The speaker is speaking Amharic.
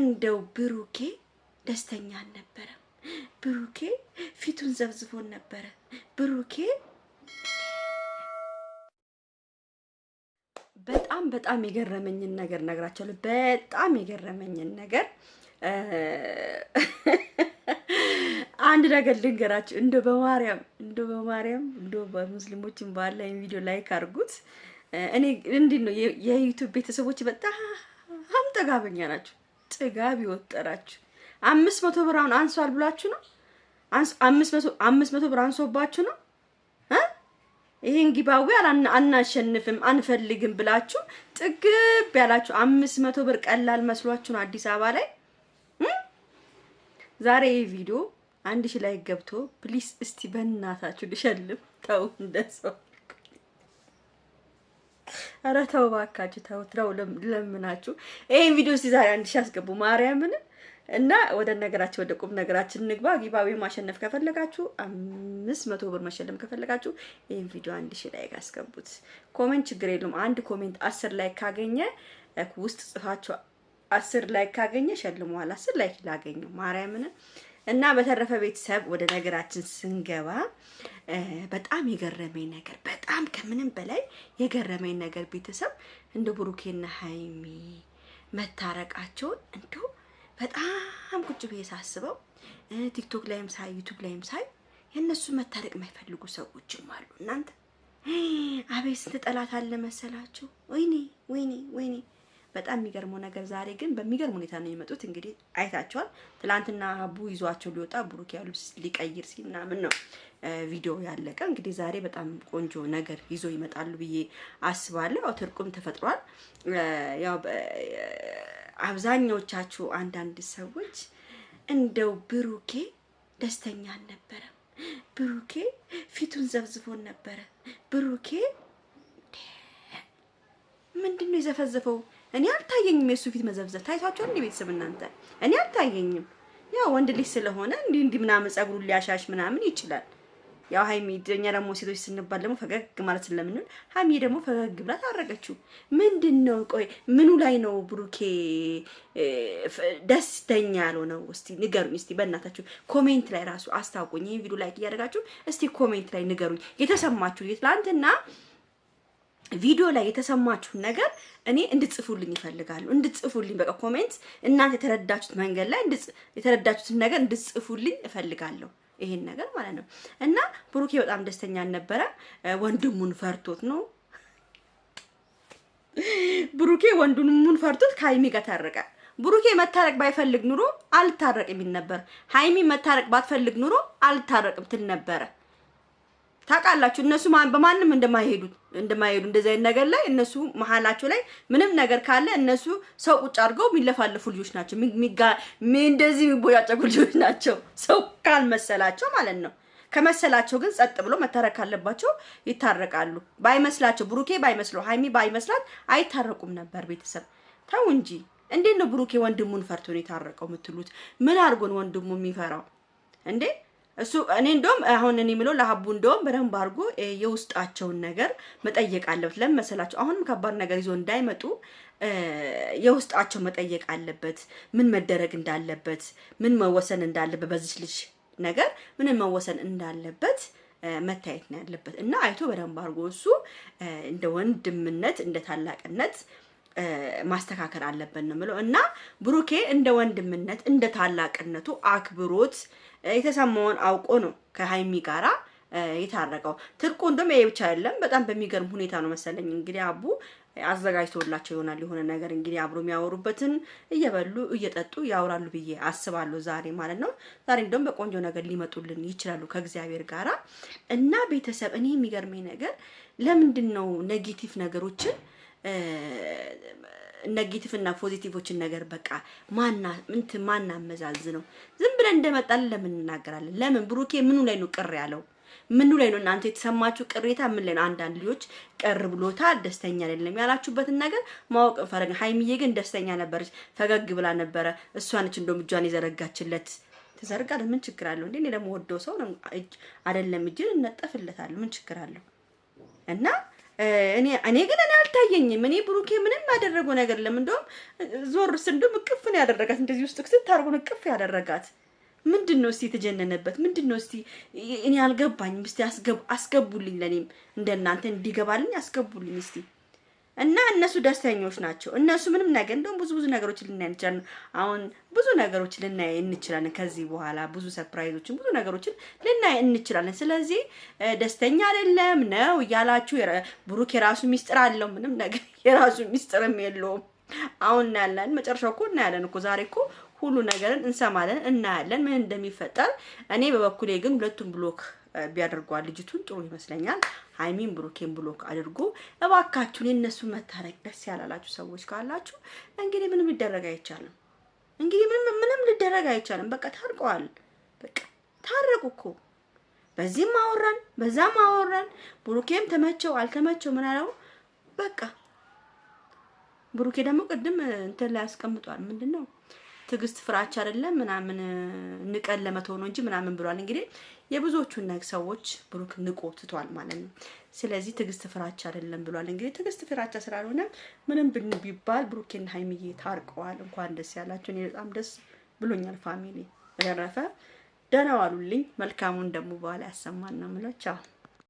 እንደው ብሩኬ ደስተኛ አልነበረም። ብሩኬ ፊቱን ዘብዝቦን ነበረ። ብሩኬ በጣም በጣም የገረመኝን ነገር ነግራቸዋለሁ። በጣም የገረመኝን ነገር አንድ ነገር ልንገራችሁ። እንደ በማርያም እንደ በማርያም እንደ በሙስሊሞችን ባላ ቪዲዮ ላይክ አድርጉት። እኔ እንዲህ ነው የዩቱብ ቤተሰቦች በጣም ጠጋበኛ ናቸው። ጥጋብ ይወጠራችሁ። አምስት መቶ ብር አሁን አንሷል ብላችሁ ነው። አምስት መቶ ብር አንሶባችሁ ነው። ይሄን ጊባዊ አናሸንፍም አንፈልግም ብላችሁ ጥግብ ያላችሁ አምስት መቶ ብር ቀላል መስሏችሁ ነው አዲስ አበባ ላይ ዛሬ ይሄ ቪዲዮ አንድ ሺ ላይ ገብቶ ፕሊስ እስቲ በእናታችሁ ልሸልም። ተው እንደሰው ኧረ ተው እባካችሁ ተው ተው፣ ለምናችሁ ይሄን ቪዲዮ እስኪ ዛሬ አንድ ሺህ አስገቡ ማርያምን። እና ወደ ነገራችን ወደ ቁም ነገራችን እንግባ። ጊባዊ ማሸነፍ ከፈለጋችሁ አምስት መቶ ብር መሸለም ከፈለጋችሁ ይህን ቪዲዮ አንድ ሺህ ላይክ አስገቡት። ኮሜንት ችግር የለውም። አንድ ኮሜንት አስር ላይክ ካገኘ ውስጥ ጽፋችሁ አስር ላይክ ካገኘ ሸልመዋል። አስር ላይክ ላገኘው ማርያምን እና በተረፈ ቤተሰብ ወደ ነገራችን ስንገባ በጣም የገረመኝ ነገር በጣም ከምንም በላይ የገረመኝ ነገር ቤተሰብ እንደ ብሩኬና ሀይሚ መታረቃቸውን እንዲሁ በጣም ቁጭ ብዬ ሳስበው ቲክቶክ ላይም ሳይ ዩቱብ ላይም ሳይ የእነሱ መታረቅ የማይፈልጉ ሰዎችም አሉ። እናንተ አቤት ስንት ጠላት አለ መሰላችሁ! ወይኔ ወይኔ ወይኔ በጣም የሚገርመው ነገር ዛሬ ግን በሚገርም ሁኔታ ነው የመጡት። እንግዲህ አይታቸዋል። ትላንትና አቡ ይዟቸው ሊወጣ ብሩክ ያው ልብስ ሊቀይር ሲል ምናምን ነው ቪዲዮ ያለቀ። እንግዲህ ዛሬ በጣም ቆንጆ ነገር ይዞ ይመጣሉ ብዬ አስባለሁ። ያው ትርቁም ተፈጥሯል። ያው አብዛኛዎቻችሁ አንዳንድ ሰዎች እንደው ብሩኬ ደስተኛ አልነበረም፣ ብሩኬ ፊቱን ዘብዝቦን ነበረ፣ ብሩኬ ምንድን ነው የዘፈዘፈው? እኔ አልታየኝም። የእሱ ፊት መዘፍዘፍ ታይቷቸው እንደ ቤተሰብ እናንተ እኔ አልታየኝም። ያው ወንድ ልጅ ስለሆነ እንዲህ እንዲህ ምናምን ጸጉሩ ሊያሻሽ ምናምን ይችላል። ያው ሀይሚ እኛ ደግሞ ሴቶች ስንባል ደግሞ ፈገግ ማለት ስለምንል ሀይሚ ደግሞ ፈገግ ብላ ታረቀችው። ምንድን ነው ቆይ ምኑ ላይ ነው ብሩኬ ደስተኛ ያልሆነው? እስቲ ንገሩኝ። እስቲ በእናታችሁ ኮሜንት ላይ ራሱ አስታውቁኝ። ይህን ቪዲዮ ላይክ እያደረጋችሁ እስቲ ኮሜንት ላይ ንገሩኝ የተሰማችሁ ትላንትና ቪዲዮ ላይ የተሰማችሁን ነገር እኔ እንድጽፉልኝ ይፈልጋሉ። እንድጽፉልኝ በቃ ኮሜንት እናንተ የተረዳችሁት መንገድ ላይ የተረዳችሁትን ነገር እንድጽፉልኝ እፈልጋለሁ። ይሄን ነገር ማለት ነው እና ብሩኬ በጣም ደስተኛ አልነበረ። ወንድሙን ፈርቶት ነው ብሩኬ ወንድሙን ፈርቶት ከሀይሚ ጋር ታረቀ። ብሩኬ መታረቅ ባይፈልግ ኑሮ አልታረቅ የሚል ነበር። ሀይሚ መታረቅ ባትፈልግ ኑሮ አልታረቅም ትል ነበረ። ታውቃላችሁ እነሱ በማንም እንደማይሄዱ እንደማይሄዱ እንደዚህ አይነት ነገር ላይ እነሱ መሀላቸው ላይ ምንም ነገር ካለ እነሱ ሰው ቁጭ አድርገው የሚለፋለፉ ልጆች ናቸው። እንደዚህ የሚቦጫጨቁ ልጆች ናቸው። ሰው ካልመሰላቸው ማለት ነው። ከመሰላቸው ግን ጸጥ ብሎ መታረቅ ካለባቸው ይታረቃሉ። ባይመስላቸው ብሩኬ ባይመስለው ሀይሚ ባይመስላት አይታረቁም ነበር። ቤተሰብ ተው እንጂ እንዴት ነው ብሩኬ ወንድሙን ፈርቶ ነው የታረቀው የምትሉት? ምን አድርጎን ወንድሙ የሚፈራው እንዴ? እሱ እኔ እንደውም አሁን እኔ የምለው ለሀቡ እንደውም በደንብ አድርጎ የውስጣቸውን ነገር መጠየቅ አለበት። ለምን መሰላቸው? አሁንም ከባድ ነገር ይዞ እንዳይመጡ የውስጣቸው መጠየቅ አለበት። ምን መደረግ እንዳለበት፣ ምን መወሰን እንዳለበት፣ በዚች ልጅ ነገር ምንም መወሰን እንዳለበት መታየት ነው ያለበት እና አይቶ በደንብ አድርጎ እሱ እንደ ወንድምነት እንደ ታላቅነት ማስተካከል አለብን ነው ምለው እና ብሩኬ እንደ ወንድምነት እንደ ታላቅነቱ አክብሮት የተሰማውን አውቆ ነው ከሀይሚ ጋራ የታረቀው። ትልቁ እንደውም ይሄ ብቻ አይደለም። በጣም በሚገርም ሁኔታ ነው መሰለኝ እንግዲህ አቡ አዘጋጅቶላቸው ይሆናል የሆነ ነገር እንግዲህ አብሮ የሚያወሩበትን እየበሉ እየጠጡ ያወራሉ ብዬ አስባለሁ። ዛሬ ማለት ነው ዛሬ እንደውም በቆንጆ ነገር ሊመጡልን ይችላሉ ከእግዚአብሔር ጋራ እና ቤተሰብ እኔ የሚገርመኝ ነገር ለምንድን ነው ኔጌቲቭ ነገሮችን ነጌቲቭና ፖዚቲቮችን ነገር በቃ ማና ምንት ማና መዛዝ ነው። ዝም ብለን እንደመጣለን ለምን እናገራለን? ለምን ብሩኬ ምኑ ላይ ነው ቅር ያለው? ምኑ ላይ ነው እናንተ የተሰማችሁ ቅሬታ ምን ላይ ነው? አንዳንድ ልጆች ቅር ብሎታል፣ ደስተኛ አይደለም ያላችሁበትን ነገር ማወቅ ፈረግ። ሀይሚዬ ግን ደስተኛ ነበረች፣ ፈገግ ብላ ነበረ። እሷ ነች እንደውም እጇን የዘረጋችለት ተዘርጋል። ምን ችግር አለው እንዴ? እኔ ደግሞ ወደው ሰው እጅ አይደለም እጅን እነጠፍለታለሁ። ምን ችግር አለው እና እኔ እኔ ግን እኔ አልታየኝም። እኔ ብሩኬ ምንም ያደረገው ነገር የለም። እንደውም ዞር ስ እንደውም እቅፍ ነው ያደረጋት እንደዚህ ውስጥ ክስት አድርጎን እቅፍ ያደረጋት ምንድን ነው እስቲ የተጀነነበት ምንድን ነው እስቲ? እኔ አልገባኝም። እስቲ አስገቡልኝ፣ ለእኔም እንደናንተ እንዲገባልኝ አስገቡልኝ እስቲ። እና እነሱ ደስተኞች ናቸው። እነሱ ምንም ነገር እንደውም ብዙ ብዙ ነገሮች ልናይ እንችላለን። አሁን ብዙ ነገሮች ልናይ እንችላለን። ከዚህ በኋላ ብዙ ሰርፕራይዞችን፣ ብዙ ነገሮችን ልናይ እንችላለን። ስለዚህ ደስተኛ አይደለም ነው እያላችሁ ብሩክ የራሱ ሚስጥር አለው። ምንም ነገር የራሱ ሚስጥርም የለውም። አሁን እናያለን። መጨረሻው እኮ እናያለን እኮ ዛሬ እኮ ሁሉ ነገርን እንሰማለን፣ እናያለን ምን እንደሚፈጠር። እኔ በበኩሌ ግን ሁለቱን ብሎክ ቢያደርጓል ልጅቱን ጥሩ ይመስለኛል። ሀይሚን ብሩኬን ብሎክ አድርጎ እባካችሁን የእነሱ መታረቅ ደስ ያላላችሁ ሰዎች ካላችሁ እንግዲህ ምንም ሊደረግ አይቻልም። እንግዲህ ምንም ምንም ሊደረግ አይቻልም። በቃ ታርቀዋል። በቃ ታረቁ እኮ በዚህም አወራን በዛም አወራን። ብሩኬም ተመቸው አልተመቸው ምን አለው በቃ ብሩኬ ደግሞ ቅድም እንትን ላይ ያስቀምጧል ምንድን ነው ትዕግስት ፍራቻ አይደለም ምናምን ንቀን ለመተው ነው እንጂ ምናምን ብሏል። እንግዲህ የብዙዎቹን ሰዎች ብሩክ ንቆ ትቷል ማለት ነው። ስለዚህ ትዕግስት ፍራቻ አይደለም ብሏል። እንግዲህ ትዕግስት ፍራቻ ስላልሆነ ምንም ብን ቢባል ብሩኬና ሀይሚዬ ታርቀዋል። እንኳን ደስ ያላቸው። እኔ በጣም ደስ ብሎኛል። ፋሚሊ በተረፈ ደህና ዋሉልኝ። መልካሙን ደግሞ በኋላ ያሰማን ነው የምለው። ቻው